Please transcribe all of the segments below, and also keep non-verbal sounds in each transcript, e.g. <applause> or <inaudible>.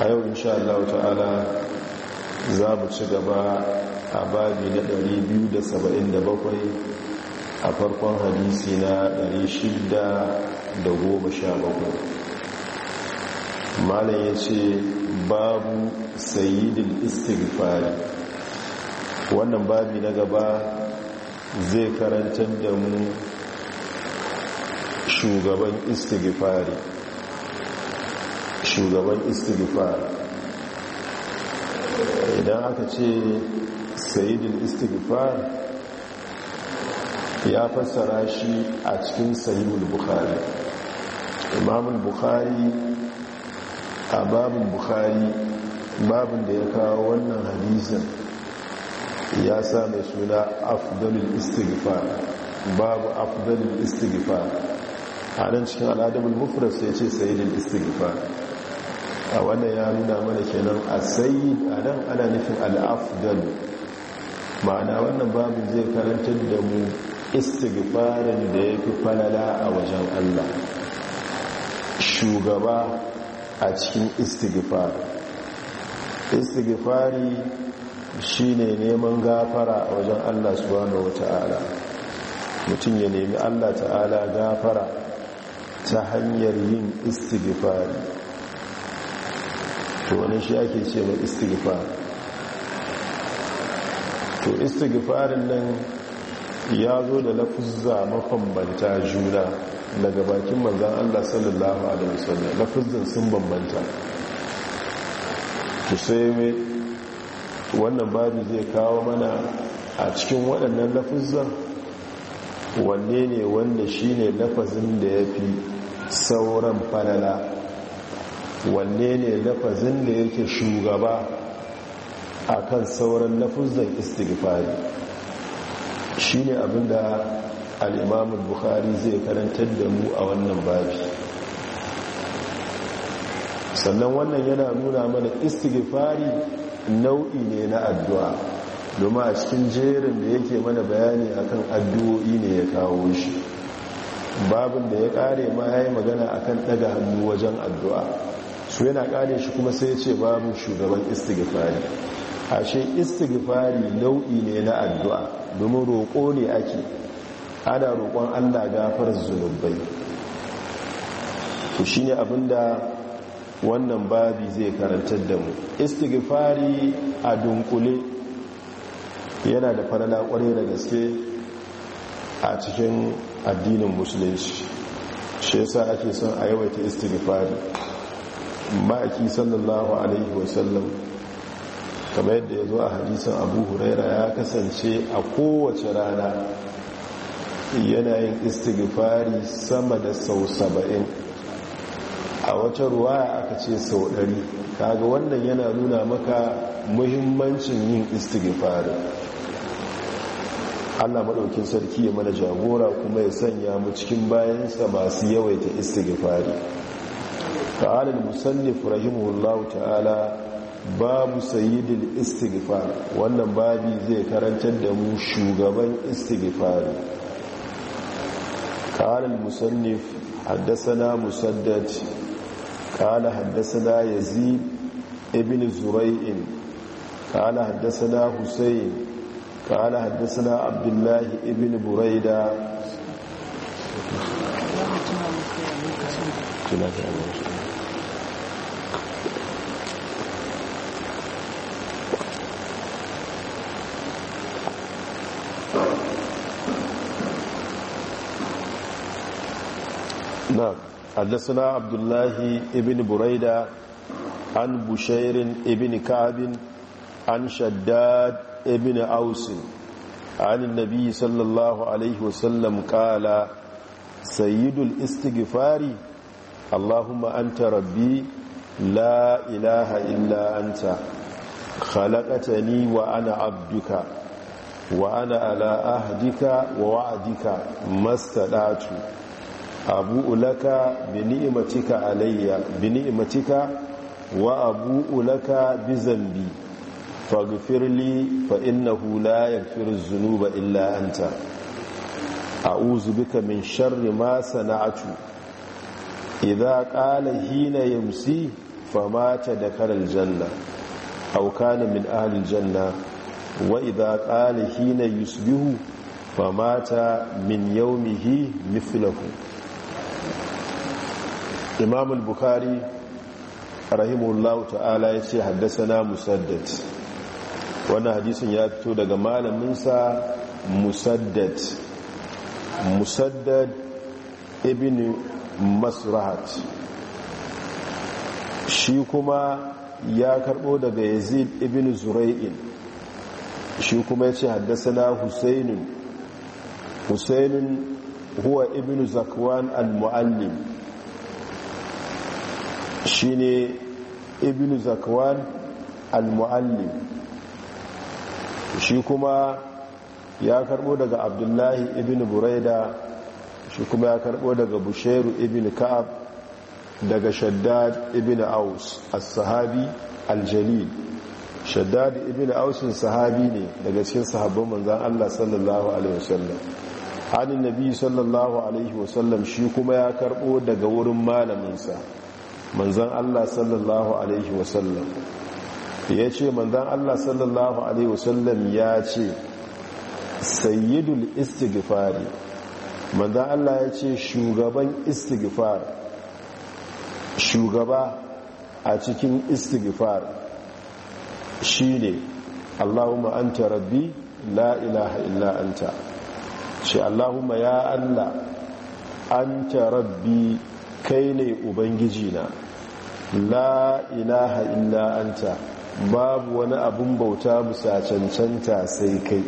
a yau insha Allah ta'ala za mu ci gaba a babi na 277 a farkon hadisi na 617 malam ya ce babu sayidin istighfari wannan babi na gaba zai karantar da mu shugaban istighfari shugaban istighfar idan aka ce sayidin istighfar ya fassara shi a cikin sahihul bukhari imamul bukhari a babin bukhari babin da ya kawo wannan hadisin ya sa mai suna afdalul istighfar babu afdalul istighfar a nan cikin al'adabul mufrad sai ce sayidin istighfar a wannan ya nuna mana kenan a sayi a nan ana nufin al'afdal ma'ana wannan babin zai karantar da mu istigifarin da ya fi falala a wajen allah shugaba a cikin Istigifari shi ne neman gafara a wajen allah subhanahu wata'ala mutum ya nemi allah ta'ala gafara ta hanyar yin istigifari. to wani shi ake ce mai istighfar to istighfarin nan ya zo da lafuzza mafambanta juna daga bakin manzan Allah sallallahu alaihi wasallam lafuzzan sun bambanta to sai wannan babu zai kawo mana a cikin waɗannan lafuzzan wanne ne wanda shi ne lafazin da ya fi sauran falala wanne ne lafazin da yake shugaba a kan sauran lafuzan istighfari shi ne abinda al'imamun buhari zai karantar da mu a wannan babi sannan wannan yana nuna mana istighfari nau'i ne na addu'a domin a cikin jerin da yake mana bayani akan addu'o'i ne ya kawo shi babin da ya kare ma ya yi magana akan ɗaga hannu wajen addu'a to yana kare shi kuma sai ya ce babu shugaban istighfari ashe istighfari nau'i ne na addu'a domin roƙo ne ake ana roƙon Allah gafar zunubai to shine abinda wannan babi zai karantar da mu istighfari a dunkule yana da farala ƙware da gaske a cikin addinin musulunci shi yasa ake son a yawaita istighfari ma'aiki sallallahu alaihi wasallam kamar yadda ya zo a hadisan abu huraira ya kasance a kowace rana yana yanayin istighfari sama da sau saba'in a wata ruwa aka ce sau ɗari kaga wannan yana nuna maka muhimmancin yin istighfari allah maɗaukin sarki ya mana jagora kuma ya sanya mu cikin bayansa masu yawaita istighfari قال المصنف رحمه الله تعالى باب سيد الاستغفار wannan babi zai karantar da mu shugaban istighfar قال المصنف حدثنا مسدد قال حدثنا يزيد ابن زريع قال حدثنا حسين قال حدثنا عبد الله ابن بريدة حدثنا عبد الله ابن بريدة عن بشير ابن كعب عن شداد ابن أوس عن النبي صلى الله عليه وسلم قال سيد الاستغفار اللهم أنت ربي لا إله إلا أنت خلقتني وأنا عبدك وأنا على أهدك ووعدك ما استدعت abu ulaka bi alayya bi wa abu'ulaka ulaka bi zambi faghfir li fa innahu la yaghfiru dhunuba illa anta a'udhu min sharri ma sana'atu idza qala hina yamsi famata dakara janna, aw kana min ahli janna, wa idza qala hina yusbihu famata min yawmihi mithluhu imam al-bukhari rahimahullahu ta'ala ya ce haddasa musaddad wani hadisin ya fito daga malaminsa musaddad musaddad ibn masrahat shi kuma ya karbo daga yazid ibn zura'in shi kuma ya ce haddasa na husainun husainun huwa ibn zakwan al-mu'allim Shi ne ibn zakwan al-muallim shi kuma ya karbo daga abdullahi ibn buraida shi kuma ya karbo daga bushairu ibn ka'ab daga shaddad ibn aus as-sahabi al-jalil shaddad ibn ausin sahabi ne daga cikin sahabban manzon Allah sallallahu alaihi wasallam hannun nabi sallallahu alaihi wasallam shi kuma ya karbo daga wurin malaminsa manzan Allah sallallahu alaihi wasallam ya ce manzan Allah sallallahu alaihi wasallam ya ce sayyidul istighfari manzan Allah ya ce shugaban istighfar shugaba a cikin istighfar ne. Allahumma anta rabbi la ilaha illa anta ce Allahumma ya Allah anta rabbi kai ne ubangiji na la ilaha illa anta babu wani abun bauta bisa cancanta sai kai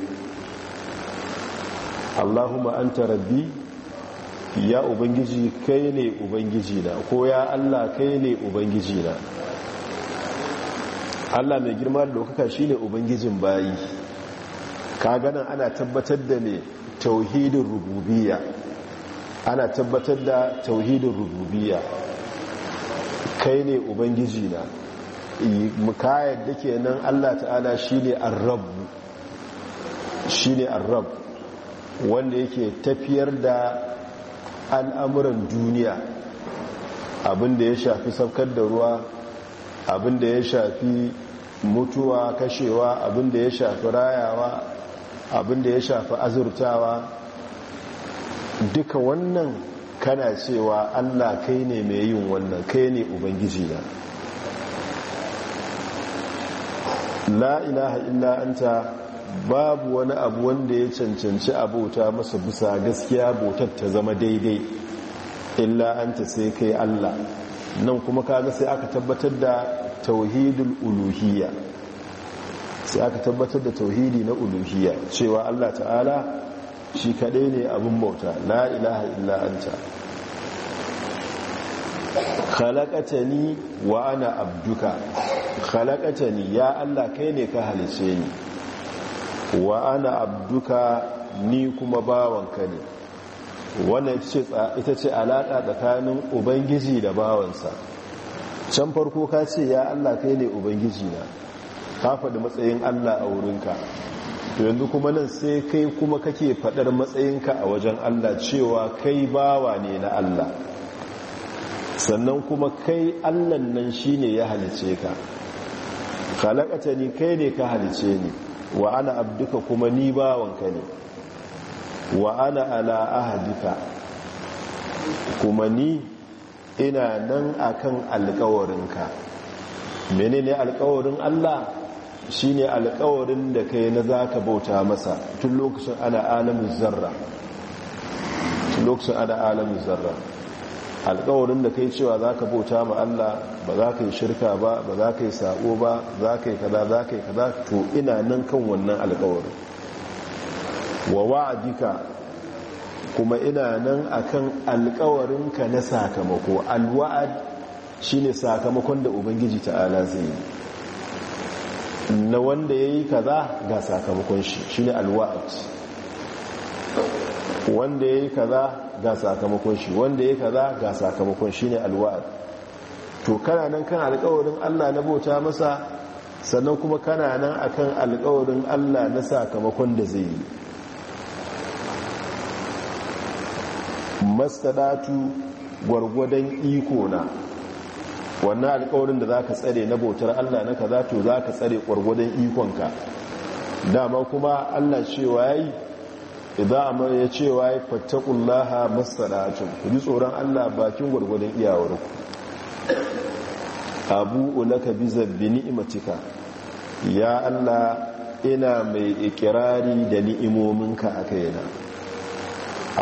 Allahumma anta rabbi ya ubangiji kai ne ubangiji ko ya Allah kai ne ubangiji Allah mai girma da shi ne ubangijin bayi ka ganin ana tabbatar da ne tauhidin rububiyya ana tabbatar da tauhidin rububiya kai ne ubangiji na mukayar da ke nan allah ta'ala shi ne arrabu shi ne arrab wanda yake tafiyar da al'amuran duniya abinda ya shafi saukar da ruwa abinda ya shafi mutuwa kashewa abinda ya shafi rayawa abinda ya shafi azurtawa duka wannan kana cewa allah kai ne mai yin wannan kai ne ubangiji na la ilaha illa anta babu wani abu wanda ya cancanci abota masa bisa gaskiya botar ta zama daidai illa anta sai kai allah nan kuma kaga sai aka tabbatar da tauhidul uluhiyya sai aka tabbatar da tauhidi na uluhiyya cewa allah ta'ala shi kaɗe ne abin bauta la ilaha illa anta ni wa ana abduka ni ya Allah kai ne ka halice ni wa ana abduka ni kuma bawanka ne wannan ita ce alaƙa tsakanin ubangiji da bawansa can farko ka ce ya Allah kai ne ubangiji na ka faɗi matsayin Allah a wurinka to yanzu kuma nan sai kai kuma kake fadar matsayinka a wajen Allah cewa kai bawa ne na Allah sannan kuma kai Allah nan shine ya halice ka khalaqata ni kai ne ka halice ni wa ana abduka kuma ni bawanka ne wa ana ala ahdika kuma ni ina nan akan alƙawarinka menene alƙawarin Allah shi ne alkawarin da ka yi na za ka bauta masa tun lokacin ana alamin zarra tun alkawarin da ka yi cewa za ka bauta ma Allah ba za ka yi shirka ba ba za ka yi sa'o ba za ka yi kada za ka yi kada to ina nan kan wannan alkawarin wa wa'adika kuma ina nan akan alkawarinka na sakamako alwa'ad shine sakamakon da ubangiji ta'ala zai yi na wanda ya yi kaza ga sakamakon shi shi ne wanda ya yi kaza ga sakamakon shi wanda ya yi kaza ga sakamakon shi ne alwa'ad to kana nan kan alkawarin allah na bauta masa sannan kuma kana nan akan alkawarin allah na sakamakon da zai yi mastadatu gwargwadon iko na wannan alkawarin da zaka tsare na bautar allah na kaza to za ka tsare ƙwargwadon ikonka dama kuma allah cewa ya yi idan amma ya cewa ya fattakullaha masana'atun ku ji tsoron allah bakin gwargwadon iyawarku abu ulaka bi zabbi ni'imatika ya allah ina mai ikirari da ni'imominka a na.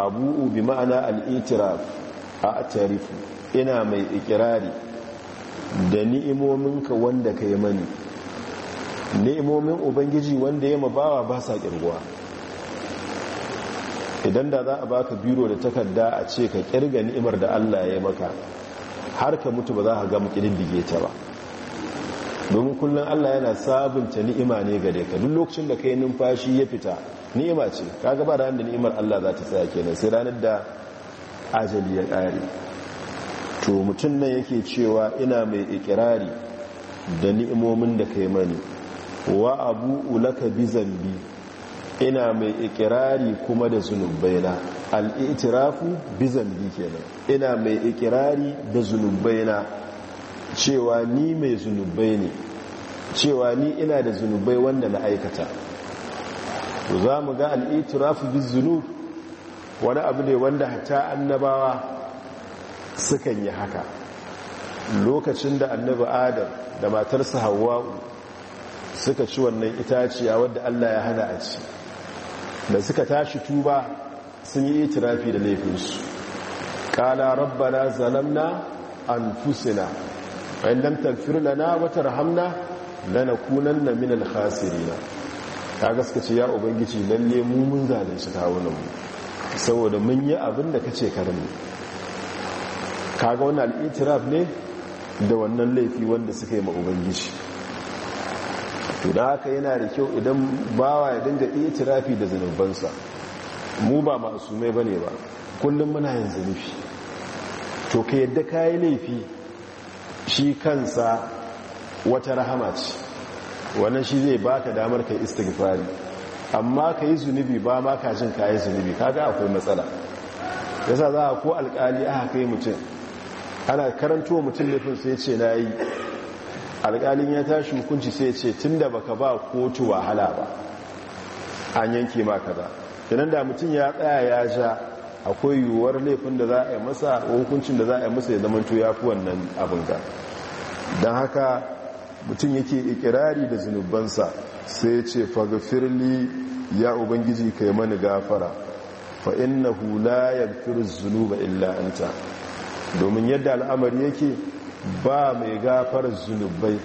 abu bi ma'ana al'itiraf a tarifu ina mai ikirari da ni'imominka wanda ka yi mani ni'imomin ubangiji wanda ya mabawa ba sa kirguwa idan da za a baka biro da takarda a ce ka kirga ni'imar da Allah ya maka har ka mutu ba za ka gama kididdige ta ba domin kullum Allah yana sabunta ni'ima ne gare ka duk lokacin da ka yi numfashi ya fita ni'ima ce kaga ba ranar da ni'imar Allah za ta tsaya kenan sai ranar da ajali ya ƙare to mutum nan yake cewa ina mai ikirari da ni'imomin da kai mani wa abu ulaka bi zambi ina mai ikirari kuma da zunubaina al'itirafu bi zambi kenan ina mai ikirari da zunubai na, cewa ni mai zunubai ne cewa ni ina da zunubai wanda na aikata to za mu ga al'itirafu bi zunub wani abu ne wanda hata annabawa sukan yi haka lokacin da annabi adam da matarsa hawa'u suka ci wannan itaciya wadda allah ya hana a ci da suka tashi tuba sun yi itirafi da laifinsu kala rabbana zalamna anfusina in lam taghfir lana wa tarhamna na min minan hasirina. ta gaskace ya ubangiji lalle mu mun zalunci kawunan mu saboda mun yi abin da kace ce mu kaga wannan al'itiraf ne da wannan laifi wanda suka yi ma'ubangishi to da haka yana da kyau idan bawa ya dinga itirafi da zunubansa mu ba masu ba ne ba kullum muna yin zunufi to ka yadda ka yi laifi shi kansa wata rahama ce wannan shi zai baka damar kai istighfari amma ka yi zunubi ba ma ka ka yi zunubi kaga akwai matsala yasa za a ko alkali aka kai mutum ana karanto mutum laifin sai ce na yi alƙalin ya tashi hukunci sai ce tun da baka ba kotu wahala ba an yanke ma kaza idan da mutum ya tsaya ya sha akwai yiwuwar laifin da za a yi masa hukuncin da za a yi masa ya zamanto ya fi wannan abin ga don haka mutum yake ikirari da zunubansa sai ce fagafirli ya ubangiji kai mani gafara fa hula ya yaghfiru zunuba illa anta domin yadda al'amari yake ba mai gafar zunubai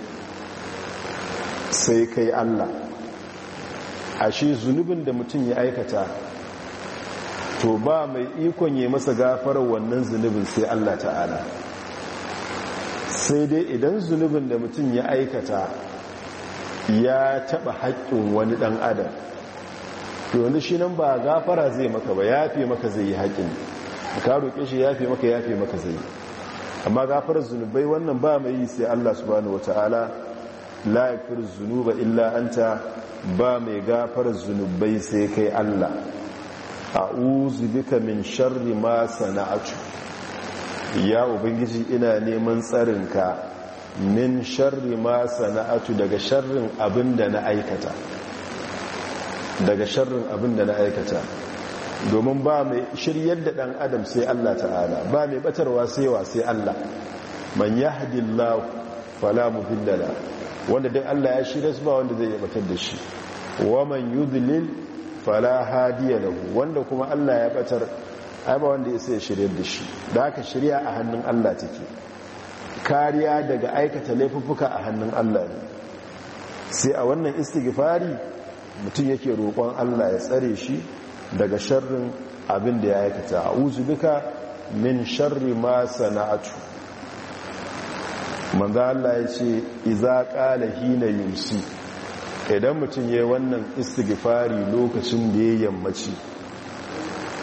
sai kai Allah ashe zunubin da mutum ya aikata to ba mai ikon ya masa gafar wannan zunubin sai Allah ta'ala sai dai idan zunubin da mutum ya aikata ya taɓa haƙƙin wani ɗan adam to wani shi nan ba gafara zai maka ba ya fi maka zai yi haƙƙin ka roƙe shi yafe maka yafe maka zai amma gafarar zunubai wannan ba mai yi sai Allah subhanahu wataala la yaghfiru zunuba illa anta ba mai gafarar zunubai sai kai Allah a'udhu bika min sharri ma sana'atu ya ubangiji ina neman tsarinka min sharri ma sana'atu daga sharrin abinda na aikata daga sharrin abin da na aikata domin ba mai shiryar da ɗan adam sai Allah ta'ala ba mai batarwa wa sai Allah man Allah fala fiddala wanda duk Allah ya shirya su ba wanda zai yi batar da shi wa man yudlil fala hadiya lahu wanda kuma Allah ya batar ai wanda yasa ya shiryar da shi da aka shirya a hannun Allah take kariya daga aikata laifuffuka a hannun Allah ne sai a wannan istighfari mutum yake roƙon Allah ya tsare shi daga sharrin abin da ya aikata a'udhu duka min sharri ma sana'atu Manza Allah ya ce iza ƙala hina yumsi idan mutum yayi wannan istighfari lokacin da ya yammaci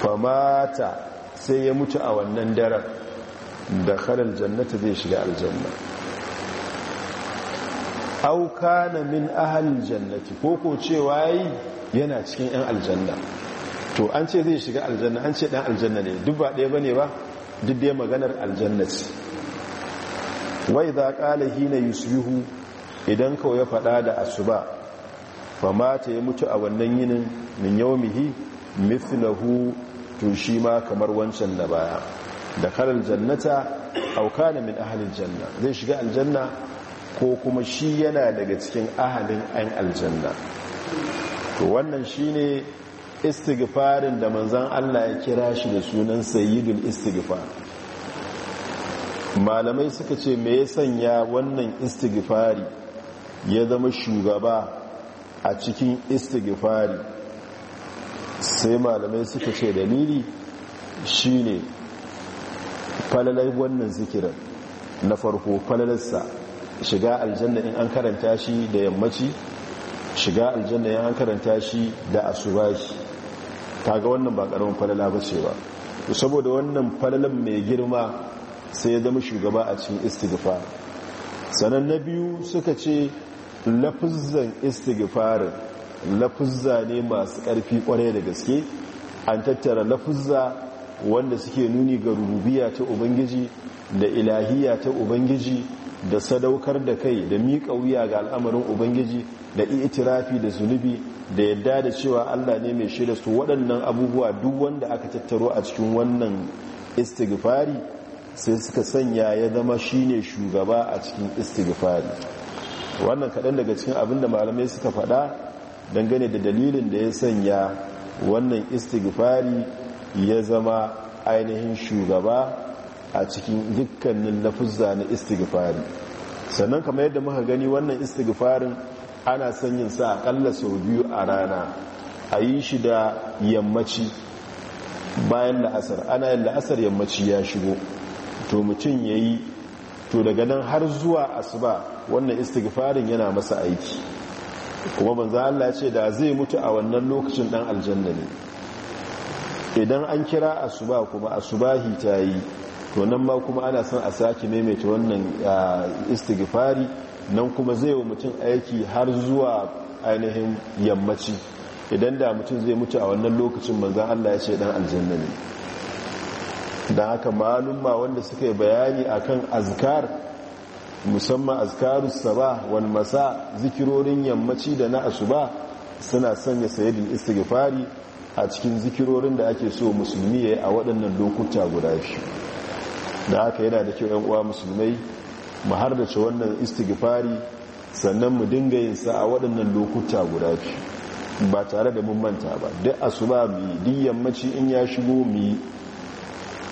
famata sai ya mutu a wannan daren da halar jannata zai shiga aljanna Auka kana min ahalin jannati ko ko cewa yi yana cikin yan aljanna to an ce zai shiga aljanna an ce dan aljanna ne duk ba ɗaya bane ba duk dai maganar aljanna ce wai za ƙala hina yusbihu idan kawai ya faɗa da asuba fa mata ya mutu a wannan yinin min mihi mithlahu to shi ma kamar wancan na baya da kalar jannata auka na min ahalin janna zai shiga aljanna ko kuma shi yana daga cikin ahalin an aljanna to wannan shi ne istighfarin da manzan Allah ya kira shi da sunan sayyidul istighfar malamai suka ce me ya sanya wannan istighfari ya zama shugaba a cikin istighfari sai malamai suka ce dalili shine falalai wannan zikirar na farko falalarsa shiga aljanna in an karanta shi da yammaci shiga aljanna in an karanta shi da asubashi kaga wannan ba karamin falala ba ce ba saboda wannan falalan mai girma sai ya zama shugaba a cikin istighfar sanan na biyu suka ce lafuzzan istighfar lafuzza ne masu ƙarfi kwarai da gaske an tattara lafuzza wanda suke nuni ga rububiya ta ubangiji da ilahiya ta ubangiji da sadaukar da kai da miƙa wuya ga al'amarin ubangiji da itirafi da zunubi da yadda da cewa allah ne mai shirya su waɗannan abubuwa duk wanda aka tattaro a cikin wannan istighfari sai suka sanya ya zama shine shugaba a cikin istighfari wannan kaɗan daga cikin abin da malamai suka faɗa dangane da dalilin da ya sanya wannan istighfari ya zama ainihin shugaba a cikin dukkanin lafuzza na istighfari sannan kamar yadda muka gani wannan istighfarin ana sanyin yin sa akalla sau biyu a rana a yi shi da yammaci bayan la'asar ana yin la'asar yammaci ya shigo to mutum ya yi to daga nan har zuwa asuba wannan istighfarin yana masa aiki kuma banza Allah ce da zai mutu a wannan lokacin dan aljanna ne idan an kira asuba kuma asubahi ta yi to nan ma kuma ana son a sake maimaita wannan istighfari nan kuma zai wa mutum aiki har zuwa ainihin yammaci idan da mutum zai mutu a wannan lokacin manzan Allah ya ce dan aljanna ne don haka malumma wanda suka yi bayani a kan azkar musamman azkarus saba wani masa zikirorin yammaci da na asuba suna sanya sayyidin istighfari a cikin zikirorin da ake so musulmi ya a waɗannan lokuta guda shi da haka yana da kyau 'yan uwa musulmai mu hardace wannan istighfari sannan mu dinga yin sa a waɗannan lokuta guda shi ba tare da mun manta ba duk asuba mu yi duk yammaci in ya shigo mu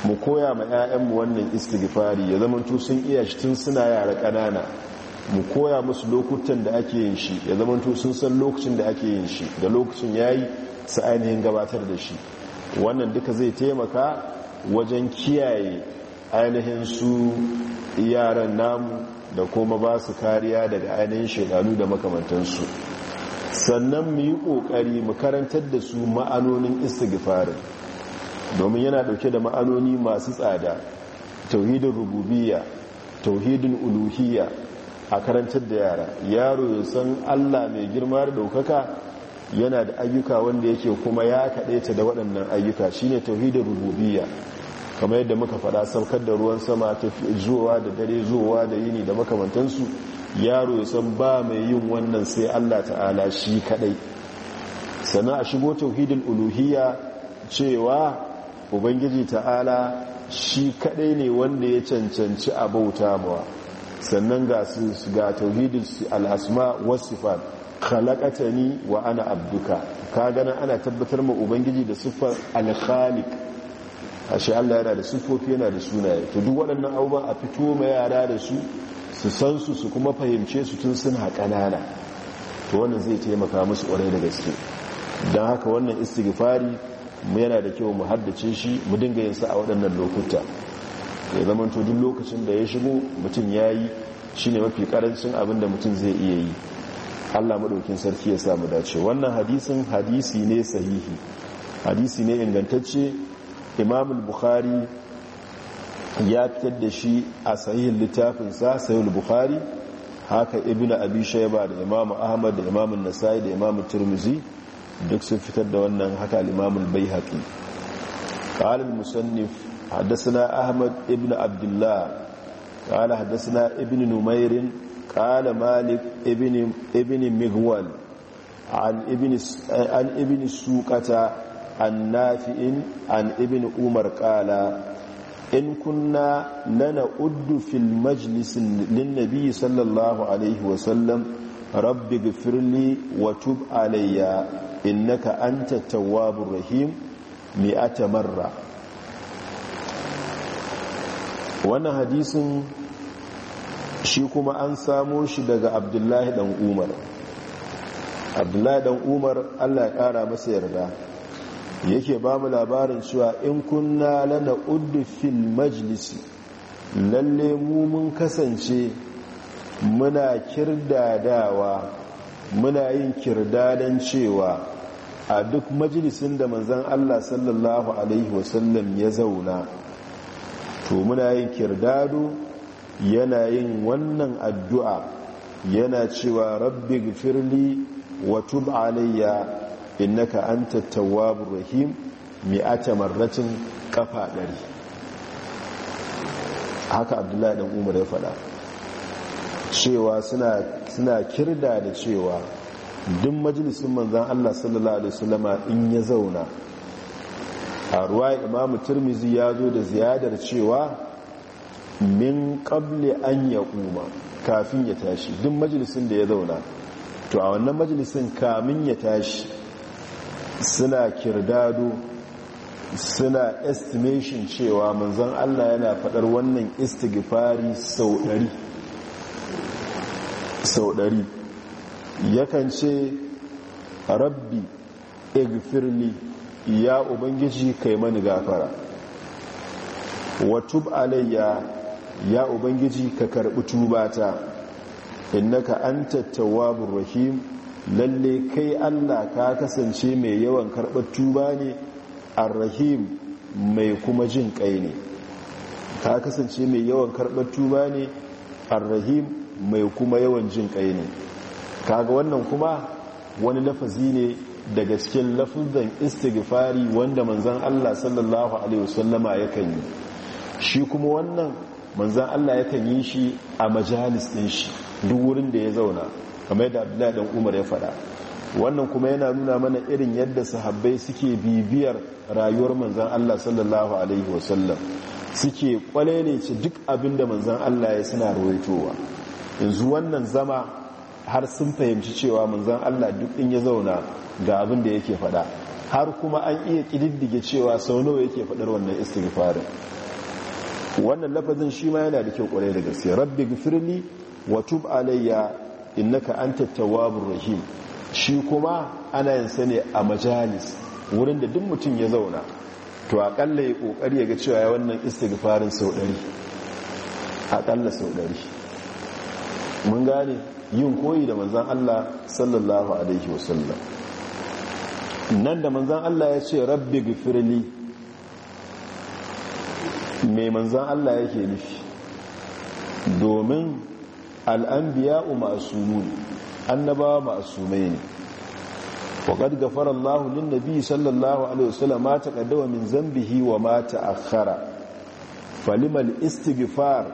mu koya ma 'ya'yanmu wannan istighfari ya zama sun iya shi tun suna yara ƙanana mu koya musu lokutan da ake yin shi ya zama sun san lokacin da ake yin shi da lokacin yayi su ainihin gabatar da shi wannan duka zai taimaka wajen kiyaye ainihin su yaran namu da kuma ba su kariya daga ainihin shekaru da makamantansu sannan mu yi ƙoƙari mu karantar da su ma'anonin istigifarin domin yana ɗauke da ma'anoni masu tsada tauhidin rububiya, tauhidin uluhiya, a karantar da yara yaro ya san allah mai girma da ɗaukaka yana da ayyuka wanda yake kuma ya kaɗaita da waɗannan ayyuka shine tauhidin rububiyya kamar yadda muka faɗa saukar da ruwan sama ta zuwa da dare zuwa da yini da makamantansu yaro ya san ba mai yin wannan sai Allah ta'ala shi kaɗai sannan a shigo tauhidin uluhiyya cewa ubangiji ta'ala shi kaɗai ne wanda ya cancanci bauta ba sannan ga tauhidin al'asma wasifat khalaqatani wa ana abduka ka gana ana tabbatar ma ubangiji da siffar al-khaliq ashe Allah yana da siffofi yana da sunaye to duk waɗannan abubuwa a fito ma yara da su su san su su kuma fahimce su tun suna ƙanana to wannan zai taimaka musu ƙwarai da gaske don haka wannan istighfari mu yana da kyau mu haddace shi mu dinga yin sa a waɗannan lokuta ya zama to duk lokacin da ya shigo mutum ya yi shine mafi karancin abin da mutum zai iya yi Allah madaukin sarki ya samu dace wannan hadisin hadisi ne sahihi hadisi ne ingantacce Imam al-Bukhari ya fitar da shi a sahihin littafin sa Sahih al-Bukhari haka Ibn Abi Shayba da Imam Ahmad da Imam An-Nasa'i da Imam Tirmidhi duk sun fitar da wannan haka al-Imam al-Baihaqi qala al-musannif Ahmad ibn Abdullah qala hadathana Ibn Numair قال مالك ابن, ابن مغول عن ابن, عن ابن السوقة عن نافع عن ابن عمر قال إن كنا لنعد في المجلس للنبي صلى الله عليه وسلم رب اغفر لي وتب علي إنك أنت التواب الرحيم مئة مرة وانا حديث shi kuma an samo shi daga abdullahi dan umar abdullahi dan umar allah ya kara masa yarda yake ba mu labarin cewa in kunna lana uddu fil majlisi lalle mu mun kasance muna kirdadawa muna yin kirdadan cewa a duk majalisin da manzan allah sallallahu alaihi wasallam ya zauna to muna yin kirdado yana yin wannan addu'a yana cewa rabbi firli wa tub alayya innaka anta tawwabur rahim mi'ata marratin kafa ɗari haka abdullahi dan umar ya faɗa cewa suna kirda da cewa duk majalisun manzan Allah sallallahu alaihi wasallama in ya zauna a ruwa imamu turmizi ya zo da ziyadar cewa min kable an ya kuma kafin ya tashi duk majalisun da ya zauna to a wannan majlisin kamin ya tashi suna kirdado suna estimation cewa manzon Allah yana fadar wannan istigifari sau ɗari sau dari yakan ce rabbi igfirli ya ubangiji kai mani gafara wa tub alayya ya ubangiji ka karɓi tubata innaka anta tawwabur rahim lalle kai Allah ka kasance mai yawan karɓar tuba ne arrahim mai kuma jin kai ne ka kasance mai yawan karɓar tuba ne arrahim mai kuma yawan jin kai ne kaga wannan kuma wani lafazi ne daga cikin lafazan istighfari wanda manzon Allah sallallahu alaihi wasallama yakan yi shi kuma wannan manzan Allah yakan yi shi a majalis ɗin shi duk wurin da ya zauna kamar yadda abdullahi dan umar ya faɗa wannan kuma yana nuna mana irin yadda sahabbai suke bibiyar rayuwar manzan Allah sallallahu alaihi wasallam suke ne kwalelece duk abin da manzan Allah ya suna rawaitowa yanzu wannan zama har sun fahimci cewa manzan Allah duk ɗin ya zauna ga abin da yake faɗa har kuma an iya ƙididdige cewa sau nawa yake faɗar wannan istighfarin wannan lafazin shi ma yana da kyau kwarai da gaske rabbi gfirli wa tub alayya innaka anta tawwabur rahim shi kuma ana yin sa ne a majalis wurin da duk mutum ya zauna to a kalla ya kokari ya ga cewa ya wannan istighfarin sau a kalla sau dari mun gane yin koyi da manzon Allah sallallahu alaihi wasallam nan da manzon Allah ya ce rabbi gfirli mai manzan Allah yake nufi domin al'ambiya'u ma'asumu masu ma'asumai ne waƙad gafara Allah lin nabi sallallahu alaihi wasallam mata ƙaddawa min zambihi wa a ta'akhkhara falimal istighfar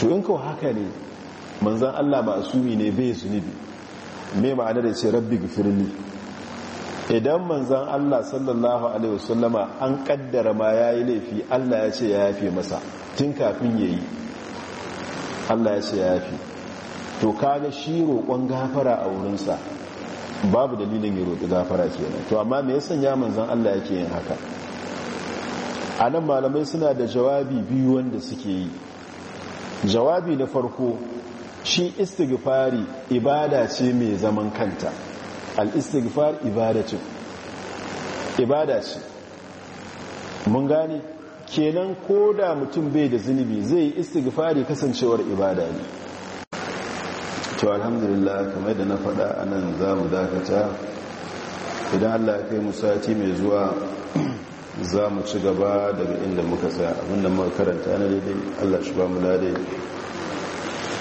to in kawo haka ne manzan Allah ma'asumi ne bai zunubi mai ma'anar da ce rabbi ne idan manzan Allah sallallahu Alaihi wasallama an kaddara ma ya yi laifi Allah ya ce ya yafe masa tun kafin ya yi Allah ya ce ya yafe to kaga shi roƙon gafara a wurinsa babu dalilin ya roƙi gafara kenan to amma me ya sanya manzan Allah ya ke yin haka a nan malamai suna da jawabi biyu wanda suke yi jawabi na farko shi istighfari ibada ce mai zaman kanta al-istighfar ibada ce mun gane kenan ko da mutum bai da zunubi zai istighfari kasancewar ibada ne to alhamdulillah kamar da na faɗa a nan za mu dakata idan allah kai musati mai zuwa <clears throat> za mu ci gaba daga inda muka sa abinda muka karanta na daidai allah shi ba mu ladai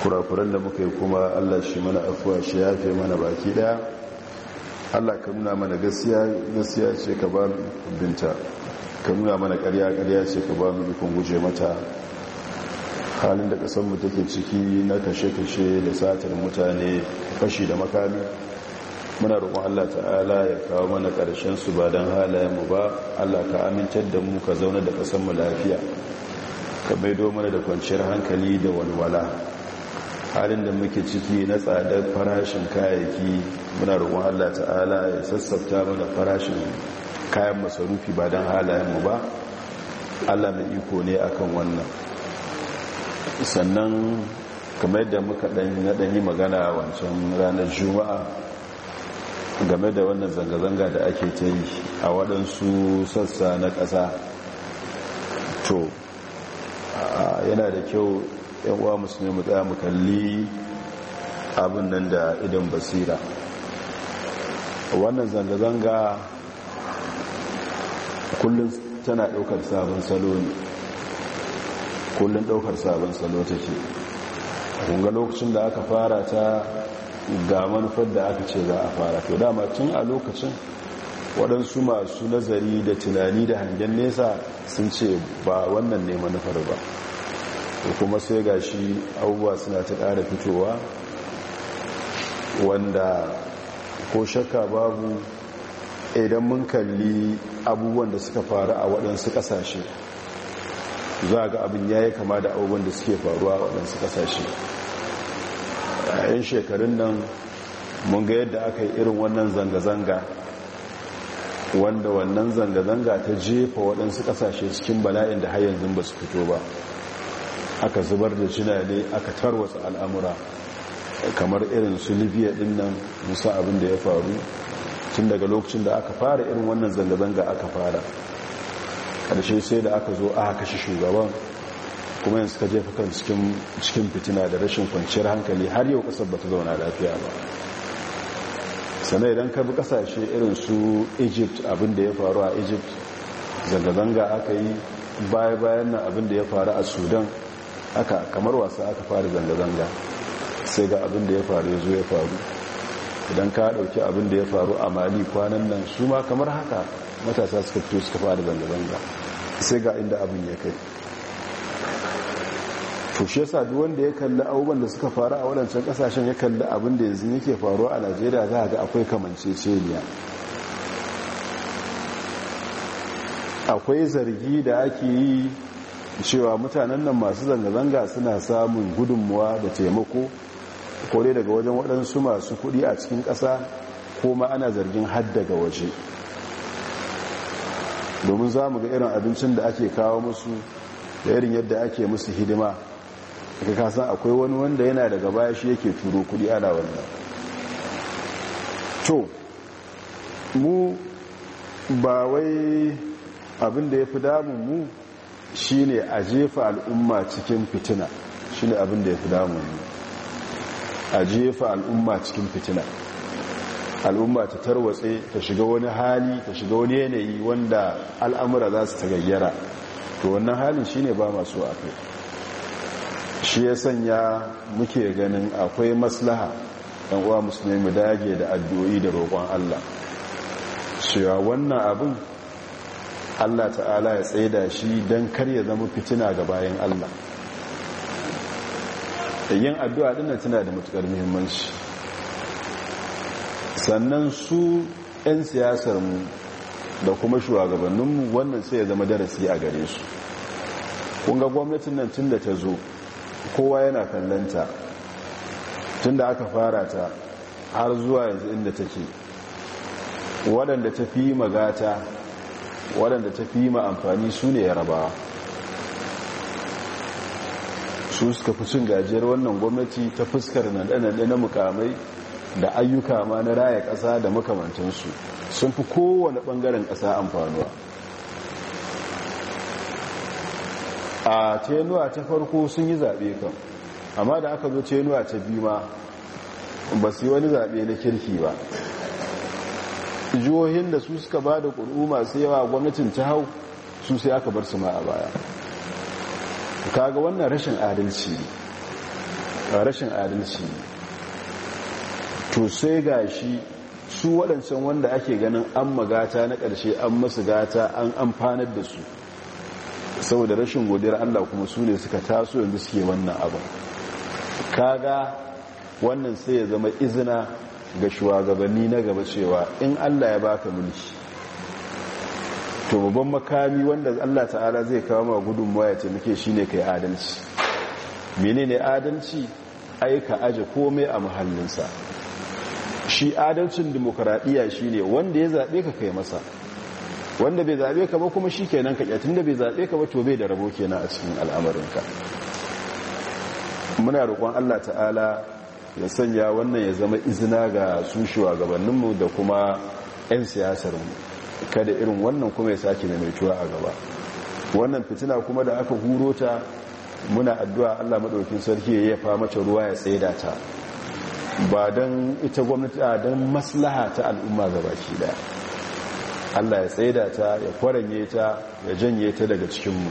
kurakuran da muka yi kuma allah shi mana afuwa shi yafe mana baki daya allah ka nuna mana gasiya ce ka ba binta ka nuna mana karya karya ce ka ba nufin guje mata halin da mu take ciki na kashe-kashe da satar mutane fashi da makami muna roƙon Allah ta'ala ya kawo mana ƙarshen su ba don halayenmu ba Allah ka amintar da mu ka zauna da ƙasarmu lafiya ka maido mana da kwanciyar hankali da walwala halin da muke ciki na tsadar farashin kayayyaki muna roƙon Allah ta'ala ya sassafta mana farashin kayan masarufi ba don mu ba Allah mai iko ne akan wannan sannan kamar yadda muka ɗanyi magana wancan ranar juma'a game da wannan zanga-zanga da ake ta yi a waɗansu sassa na ƙasa to yana da kyau yan uwa musulmi mu tsaya mu kalli abin nan da idan basira wannan zanga-zanga kullum tana daukar sabon salo ne kullum daukar sabon salo take kunga lokacin da aka fara ta ga manufar da aka ce za a fara to dama tun a lokacin waɗansu masu nazari da tunani da hangen nesa sun ce ba wannan ne manufar ba da kuma sai ga shi abubuwa suna ta ƙara fitowa wanda ko shakka babu idan mun kalli abubuwan da suka faru a waɗansu ƙasashe za ga abin ya yi kama da abubuwan da suke faruwa a waɗansu ƙasashe a 'yan shekarun nan mun ga yadda aka yi irin wannan zanga-zanga wanda wannan zanga-zanga ta jefa waɗansu ƙasashe cikin bala'in da har yanzu ba su fito ba aka zubar da tunani aka tarwatsa al'amura kamar irin su libya din nan musa abin da ya faru tun daga lokacin da aka fara irin wannan zanga-zanga aka fara ƙarshe sai da aka zo aka kashe shugaban kuma yanzu ka jefa kan cikin fitina da rashin kwanciyar hankali har yau ƙasar ba ta zauna lafiya ba sannan idan ka bi ƙasashe irin su egypt abin da ya faru a egypt zanga-zanga aka yi baya-bayan na abin da ya faru a sudan aka kamar wasa aka fara zanga-zanga sai ga abin da ya faru ya zo ya faru idan ka dauki abin da ya faru a mali kwanan nan su ma kamar haka matasa suka fito suka fara zanga-zanga sai ga inda abin ya kai to shi yasa duk wanda ya kalli abubuwan da suka faru a wadancan kasashen ya kalli abin da yanzu yake faruwa a najeriya za a ga akwai kamanceceniya akwai zargi da ake yi cewa mutanen nan masu zanga-zanga suna samun gudunmuwa da taimako kore daga wajen waɗansu masu kuɗi a cikin ƙasa ko ma ana zargin had daga waje domin za mu ga irin abincin da ake kawo musu da irin yadda ake musu hidima daga kasan akwai wani wanda yana daga baya shi yake turo kuɗi ana wannan to mu ba wai abin da ya fi damun mu shine a jefa al'umma cikin fitina shi abin da ya fi damu a jefa al'umma cikin fitina al'umma ta tarwatse ta shiga wani hali ta shiga wani yanayi wanda al'amura za su tagayyara to wannan halin shi ne ba masu akai shi ya sanya muke ganin akwai maslaha ɗan'uwa uwa musulmi mu dage da addu'o'i da roƙon Allah cewa wannan abin Allah ta'ala ya tsaida shi don kar ya zama fitina ga bayan Allah yin addu'a dina tana da matuƙar muhimmanci sannan su 'yan siyasarmu da kuma shugabanninmu wannan sai ya zama darasi a gare su kunga gwamnatin nan tun da ta zo kowa yana kallanta tun da aka fara ta har zuwa yanzu inda take waɗanda ta fi magata waɗanda ta fi ma amfani su ne yarabawa su suka fi cin gajiyar wannan gwamnati ta fuskar na naɗe na mukamai da ayyuka ma na raya ƙasa da makamantansu sun fi kowane ɓangaren ƙasa amfanuwa a tenuwa ta farko sun yi zaɓe kan amma da aka zo tenuwa ta biyu ma ba su yi wani zaɓe na kirki ba jihohin da su suka ba da ƙuri'u masu yawa gwamnatin ta hau su sai aka bar su ma a baya kaga wannan rashin adalci ne rashin adalci ne to sai ga shi su waɗancan wanda ake ganin an magata na ƙarshe an masu gata an amfanar da su saboda rashin godiyar allah kuma su ne suka taso yanzu suke wannan abin kaga wannan sai ya zama izina ga shugabanni na gaba cewa in Allah ya baka mulki to babban makami wanda Allah ta'ala zai kawo ma gudunmawa ya taimake shi ne kai adalci menene adalci aika aje komai a muhallinsa shi adalcin demokradiya shine wanda ya zabe ka kai masa wanda bai zabe ka ba kuma shi kenan ka kyatin da bai zabe ka ba to bai da rabo kenan a cikin al'amarin ka. muna roƙon Allah ta'ala ya sanya wannan ya zama izina ga su gabaninmu da kuma 'yan siyasarmu kada irin wannan kuma ya sake mai tuwa a gaba wannan fitina kuma da aka huro ta muna addu'a Allah maɗaukin sarki ya fa mace ruwa ya tsaida ta ba don ita gwamnati a don maslaha ta al'umma ga baki da Allah ya tsaida ta ya kwaranye ta ya janye ta daga cikinmu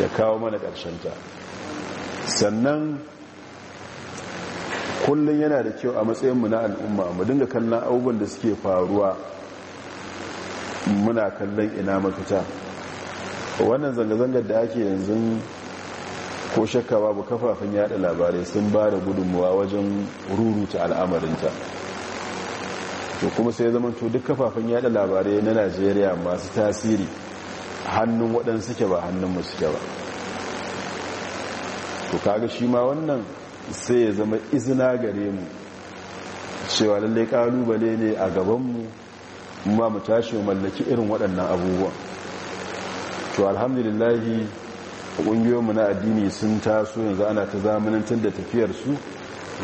ya kawo mana ta sannan kullum yana da kyau a matsayinmu na al'umma mu dinga kallon abubuwan da suke faruwa muna kallon ina mafita wannan zanga-zangar da ake yanzu ko shakka babu kafafen yada labarai sun ba da gudunmuwa wajen ruruta al'amarinta to kuma sai zama to duk kafafen yada labarai na najeriya masu tasiri hannun waɗansu ke ba hannun musu ke ba to kaga shi ma wannan sai ya zama izina gare mu cewa lallai kalubale ne a gaban mu ma mu tashi mu mallaki irin waɗannan abubuwan to alhamdulillahi mu na addini sun taso yanzu ana ta zamanantar da tafiyarsu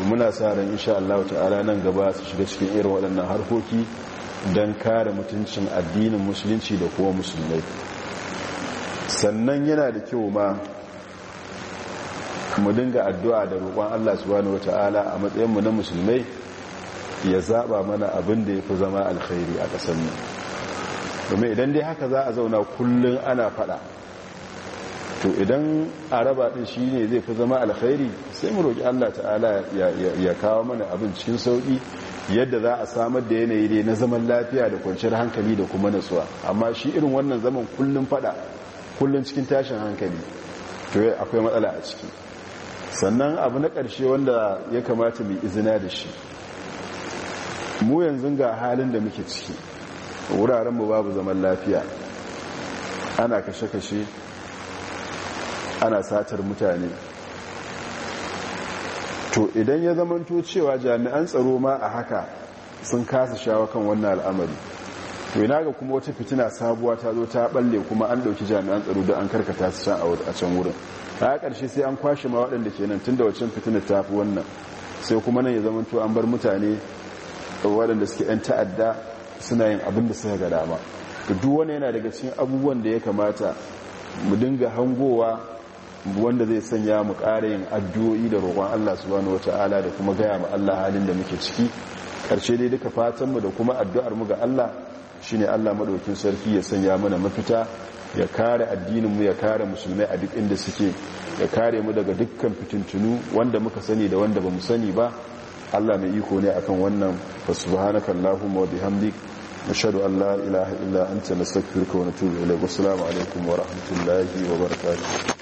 muna sa ran insha Allah ta'ala nan gaba su shiga cikin irin waɗannan harkoki don kare mutuncin addinin musulunci da kuma musulmai sannan yana da kyau ma mu dinga addu'a da roƙon Allah subhanahu wata'ala a matsayin mu na musulmai ya zaba mana abin da yafi zama alkhairi a ƙasar mu domin idan dai haka za a zauna kullun ana fada to idan araba din shine zai fi zama alkhairi sai mu roki Allah ta'ala ya kawo mana abin cikin sauki yadda za a samar da yanayi dai na zaman lafiya da kwanciyar hankali da kuma natsuwa amma shi irin wannan zaman kullun fada kullun cikin tashin hankali to akwai matsala a ciki sannan abu na ƙarshe wanda ya kamata mai izina da shi mu yanzu ga halin da muke ciki wurarenmu babu zaman lafiya ana kashe-kashe ana satar mutane to idan ya zamanto cewa jami'an tsaro ma a haka sun kasa shawo kan wannan al'amari to ina ga kuma wata fitina sabuwa ta zo ta balle kuma an ɗauki jami'an tsaro da an karkata su a can wurin a ƙarshe sai an kwashe ma waɗanda ke nan tun da waccan fitina ta fi wannan sai kuma nan ya zama to an bar mutane waɗanda suke 'yan ta'adda suna yin abin da suka ga dama to duk yana daga cikin abubuwan da ya kamata mu dinga hangowa wanda zai sanya mu ƙara yin addu'o'i da roƙon Allah subhanahu wata'ala da kuma gaya ma Allah halin da muke ciki ƙarshe dai duka fatanmu da kuma addu'ar mu ga Allah shine Allah maɗaukin sarki ya sanya mana mafita ya kare addininmu ya kare musulmai a duk inda suke ya kare mu daga dukkan fitintunu wanda muka sani da wanda ba mu sani ba Allah mai iko ne akan wannan fa subhanaka allahumma wa bihamdik nashhadu an la ilaha illa anta nastaghfiruka wa natubu ilayk assalamu alaikum wa rahmatullahi wa barakatuh